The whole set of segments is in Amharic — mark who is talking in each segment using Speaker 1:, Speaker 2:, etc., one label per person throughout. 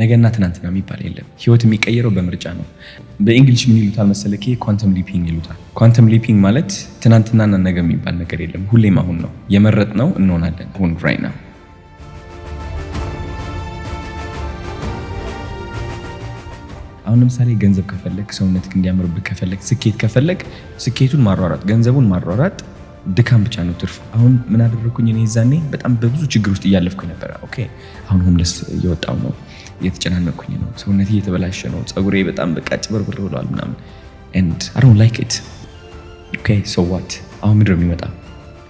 Speaker 1: ነገና ትናንትና የሚባል የለም። ህይወት የሚቀየረው በምርጫ ነው። በእንግሊሽ ምን ይሉታል መሰለህ? ኳንተም ሊፒንግ ይሉታል። ኳንተም ሊፒንግ ማለት ትናንትናና ነገ የሚባል ነገር የለም። ሁሌም አሁን ነው። ነው እንሆናለን። አሁን ራይ ነው። አሁን ለምሳሌ ገንዘብ ከፈለግ፣ ሰውነት እንዲያምርብህ ከፈለግ፣ ስኬት ከፈለግ፣ ስኬቱን ማሯራጥ፣ ገንዘቡን ማሯራጥ ድካም ብቻ ነው ትርፍ። አሁን ምን አደረግኩኝ እኔ ዛኔ በጣም በብዙ ችግር ውስጥ እያለፍኩኝ ነበረ። ኦኬ አሁን ሆምለስ እየወጣው ነው፣ እየተጨናነኩኝ ነው፣ ሰውነት እየተበላሸ ነው፣ ፀጉሬ በጣም በቃ ጭበርብር ብለዋል ምናምን ኤንድ አይ ዶንት ላይክ ኢት ኦኬ ሶ ዋት አሁን ምድር የሚመጣ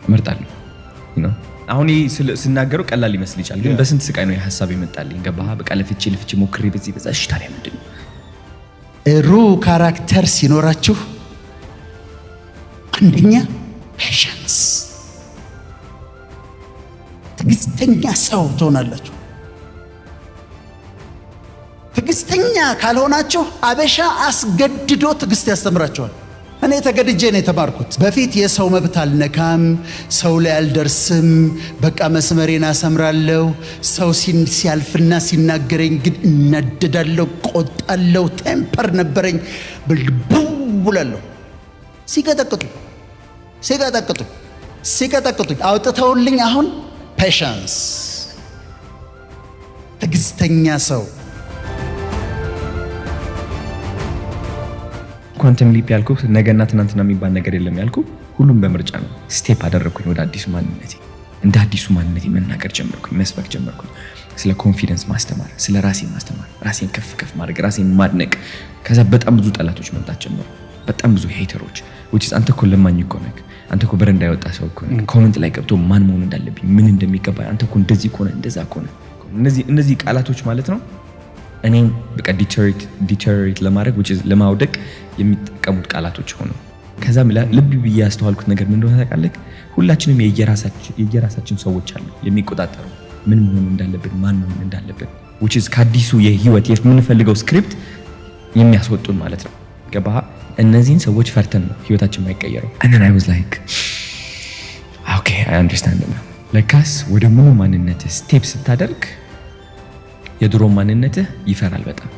Speaker 1: እመርጣለሁ ነው አሁን ስናገረው ቀላል ሊመስል ይችላል፣ ግን በስንት ስቃይ ነው የሀሳብ ይመጣልኝ። ገባህ? በቃ ለፍቼ ለፍቼ ሞክሬ በዚህ በዛ። እሺ ታዲያ ምንድን ነው
Speaker 2: ሩ ካራክተር ሲኖራችሁ አንደኛ ፔሽንስ ትዕግስተኛ ሰው ትሆናላችሁ። ትዕግስተኛ ካልሆናችሁ አበሻ አስገድዶ ትዕግስት ያስተምራቸዋል። እኔ ተገድጄ ነው የተማርኩት። በፊት የሰው መብት አልነካም፣ ሰው ላይ አልደርስም፣ በቃ መስመሬን አሰምራለሁ። ሰው ሲያልፍና ሲናገረኝ ግን እናደዳለሁ፣ ቆጣለሁ። ቴምፐር ነበረኝ ብላለሁ ሲቀጠቅጡ ሲቀጠቅጡኝ ሲቀጠቅጡኝ አውጥተውልኝ አሁን ፔሸንስ ትግስተኛ ሰው
Speaker 1: ኳንተም ሊፕ ያልኩ ነገና ትናንትና የሚባል ነገር የለም ያልኩ ሁሉም በምርጫ ነው። ስቴፕ አደረግኩኝ ወደ አዲሱ ማንነቴ። እንደ አዲሱ ማንነት መናገር ጀመርኩኝ፣ መስበክ ጀመርኩኝ። ስለ ኮንፊደንስ ማስተማር፣ ስለ ራሴ ማስተማር፣ ራሴን ከፍ ከፍ ማድረግ፣ ራሴን ማድነቅ። ከዛ በጣም ብዙ ጠላቶች መምጣት ጀመሩ፣ በጣም ብዙ ሄይተሮች። አንተ እኮ ለማኝ እኮ ነህ አንተ እኮ በረንዳ ያወጣ ሰው እኮ ኮመንት ላይ ገብቶ ማን መሆን እንዳለብኝ ምን እንደሚገባ አንተ እኮ እንደዚህ ከሆነ እንደዛ ከሆነ እነዚህ ቃላቶች ማለት ነው እኔም በቃ ዲቴሪት ለማድረግ ለማውደቅ የሚጠቀሙት ቃላቶች ሆኑ። ከዛም ልብ ብዬ ያስተዋልኩት ነገር ምን እንደሆነ ታውቃለህ? ሁላችንም የየራሳችን ሰዎች አሉ የሚቆጣጠሩ ምን መሆን እንዳለብን ማን መሆን እንዳለብን ከአዲሱ የህይወት የምንፈልገው ስክሪፕት የሚያስወጡን ማለት ነው። ገባህ? እነዚህን ሰዎች ፈርተን ነው ህይወታችን የማይቀየረው። አንን አይ ዋዝ ላይክ ኦኬ አይ አንደርስታንድ ነው። ለካስ ወደ ሙሉ ማንነትህ ስቴፕ ስታደርግ የድሮ ማንነትህ ይፈራል በጣም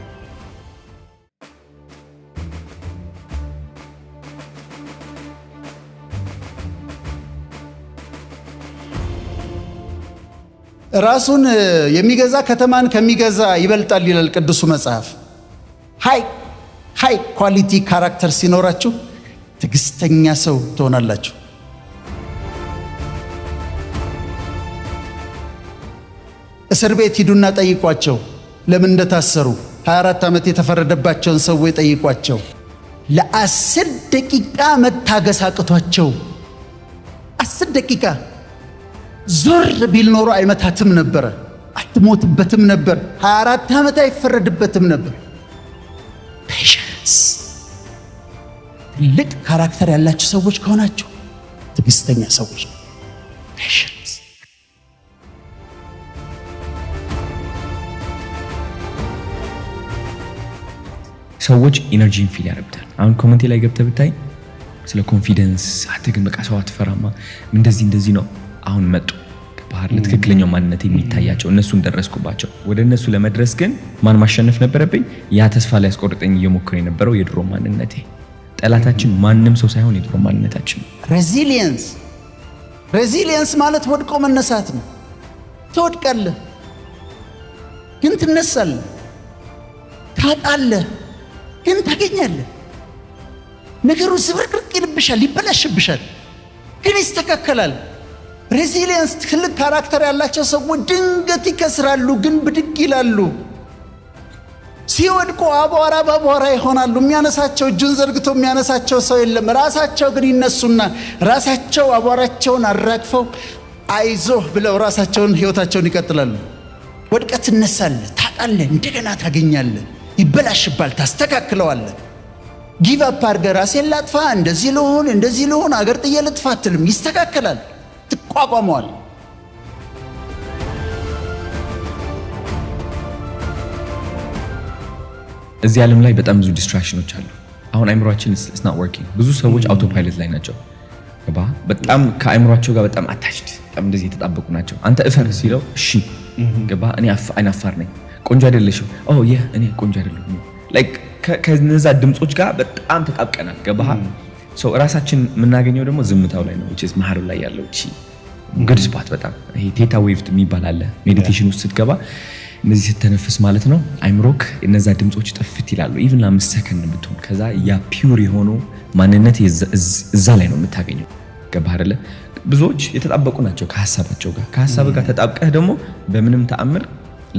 Speaker 2: ራሱን የሚገዛ ከተማን ከሚገዛ ይበልጣል ይላል ቅዱሱ መጽሐፍ ሀይ ሃይ ኳሊቲ ካራክተር ሲኖራችሁ ትዕግስተኛ ሰው ትሆናላችሁ። እስር ቤት ሂዱና ጠይቋቸው ለምን እንደታሰሩ 24 ዓመት የተፈረደባቸውን ሰዎች ጠይቋቸው። ለአስር ደቂቃ መታገስ አቅቷቸው አስር ደቂቃ ዞር ቢል ኖሮ አይመታትም ነበረ፣ አትሞትበትም ነበር፣ 24 ዓመት አይፈረድበትም ነበር። ትልቅ ካራክተር ያላቸው ሰዎች ከሆናችሁ ትዕግስተኛ ሰዎች
Speaker 1: ሰዎች ኢነርጂን ፊል ያደርጉታል። አሁን ኮመንቴ ላይ ገብተህ ብታይ ስለ ኮንፊደንስ አትግን፣ በቃ ሰው አትፈራማ፣ እንደዚህ እንደዚህ ነው። አሁን መጡ ባህር ለትክክለኛው ማንነት የሚታያቸው እነሱን ደረስኩባቸው። ወደ እነሱ ለመድረስ ግን ማን ማሸነፍ ነበረብኝ? ያ ተስፋ ሊያስቆርጠኝ እየሞከረ የነበረው የድሮ ማንነቴ። ጠላታችን ማንም ሰው ሳይሆን የድሮ ማንነታችን።
Speaker 2: ሬዚሊየንስ ሬዚሊየንስ ማለት ወድቆ መነሳት ነው። ትወድቃለህ፣ ግን ትነሳለህ። ታጣለህ፣ ግን ታገኛለህ። ነገሩ ዝብርቅርቅ ይልብሻል፣ ይበላሽብሻል፣ ግን ይስተካከላል። ሬዚሊየንስ ትልቅ ካራክተር ያላቸው ሰዎች ድንገት ይከስራሉ፣ ግን ብድግ ይላሉ። ሲወድቁ አቧራ በአቧራ ይሆናሉ። የሚያነሳቸው እጁን ዘርግቶ የሚያነሳቸው ሰው የለም። ራሳቸው ግን ይነሱና ራሳቸው አቧራቸውን አራግፈው አይዞህ ብለው ራሳቸውን ህይወታቸውን ይቀጥላሉ። ወድቀት ትነሳለ፣ ታጣለ፣ እንደገና ታገኛለ ይበላሽባል፣ ታስተካክለዋለ ጊቭ አፕ ራሴን ላጥፋ፣ እንደዚህ ልሆን፣ እንደዚህ ልሆን፣ አገር ጥዬ ልጥፋ አትልም። ይስተካከላል። ይቋቋመዋል።
Speaker 1: እዚህ ዓለም ላይ በጣም ብዙ ዲስትራክሽኖች አሉ። አሁን አይምሯችን ስና ወርኪንግ ብዙ ሰዎች አውቶ ፓይለት ላይ ናቸው። በጣም ከአይምሯቸው ጋር በጣም አታችድ በጣም እንደዚህ የተጣበቁ ናቸው። አንተ እፈር ሲለው እሺ ገባ እኔ አፋር ነኝ ቆንጆ አይደለሽም ይህ እኔ ቆንጆ አይደለሁም ከነዛ ድምፆች ጋር በጣም ተጣብቀናል። ገባ ሰው እራሳችን የምናገኘው ደግሞ ዝምታው ላይ ነው መሀሉ ላይ ያለው ጉድ በጣም ይሄ ቴታ ዌቭት የሚባል አለ። ሜዲቴሽን ውስጥ ስትገባ እነዚህ ስትተነፍስ ማለት ነው አይምሮክ እነዛ ድምፆች ጥፍት ይላሉ። ኢቭን ለአምስት ሰከንድ ብትሆን ከዛ ያ ፒውር የሆነው ማንነት እዛ ላይ ነው የምታገኘው። ገባህ አይደለ? ብዙዎች የተጣበቁ ናቸው ከሀሳባቸው ጋር። ከሀሳብ ጋር ተጣብቀህ ደግሞ በምንም ተአምር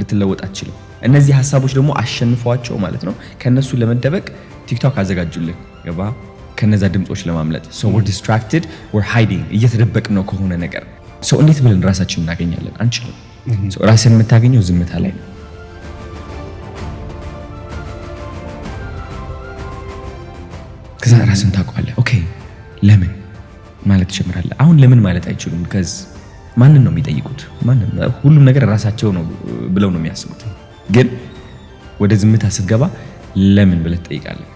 Speaker 1: ልትለወጥ አትችልም። እነዚህ ሀሳቦች ደግሞ አሸንፈዋቸው ማለት ነው ከእነሱ ለመደበቅ ቲክቶክ አዘጋጁልን። ገባህ? ከነዛ ድምፆች ለማምለጥ ሶ ዲስትራክትድ ሃይዲንግ እየተደበቅ ነው ከሆነ ነገር ሰው እንዴት ብለን ራሳችን እናገኛለን? አንችልም። ራስን የምታገኘው ዝምታ ላይ ነው። ከዛ ራስን ታውቀዋለህ። ኦኬ ለምን ማለት ትጀምራለህ። አሁን ለምን ማለት አይችሉም። ከዚ ማንን ነው የሚጠይቁት? ሁሉም ነገር ራሳቸው ነው ብለው ነው የሚያስቡት። ግን ወደ ዝምታ ስትገባ ለምን ብለህ ትጠይቃለህ።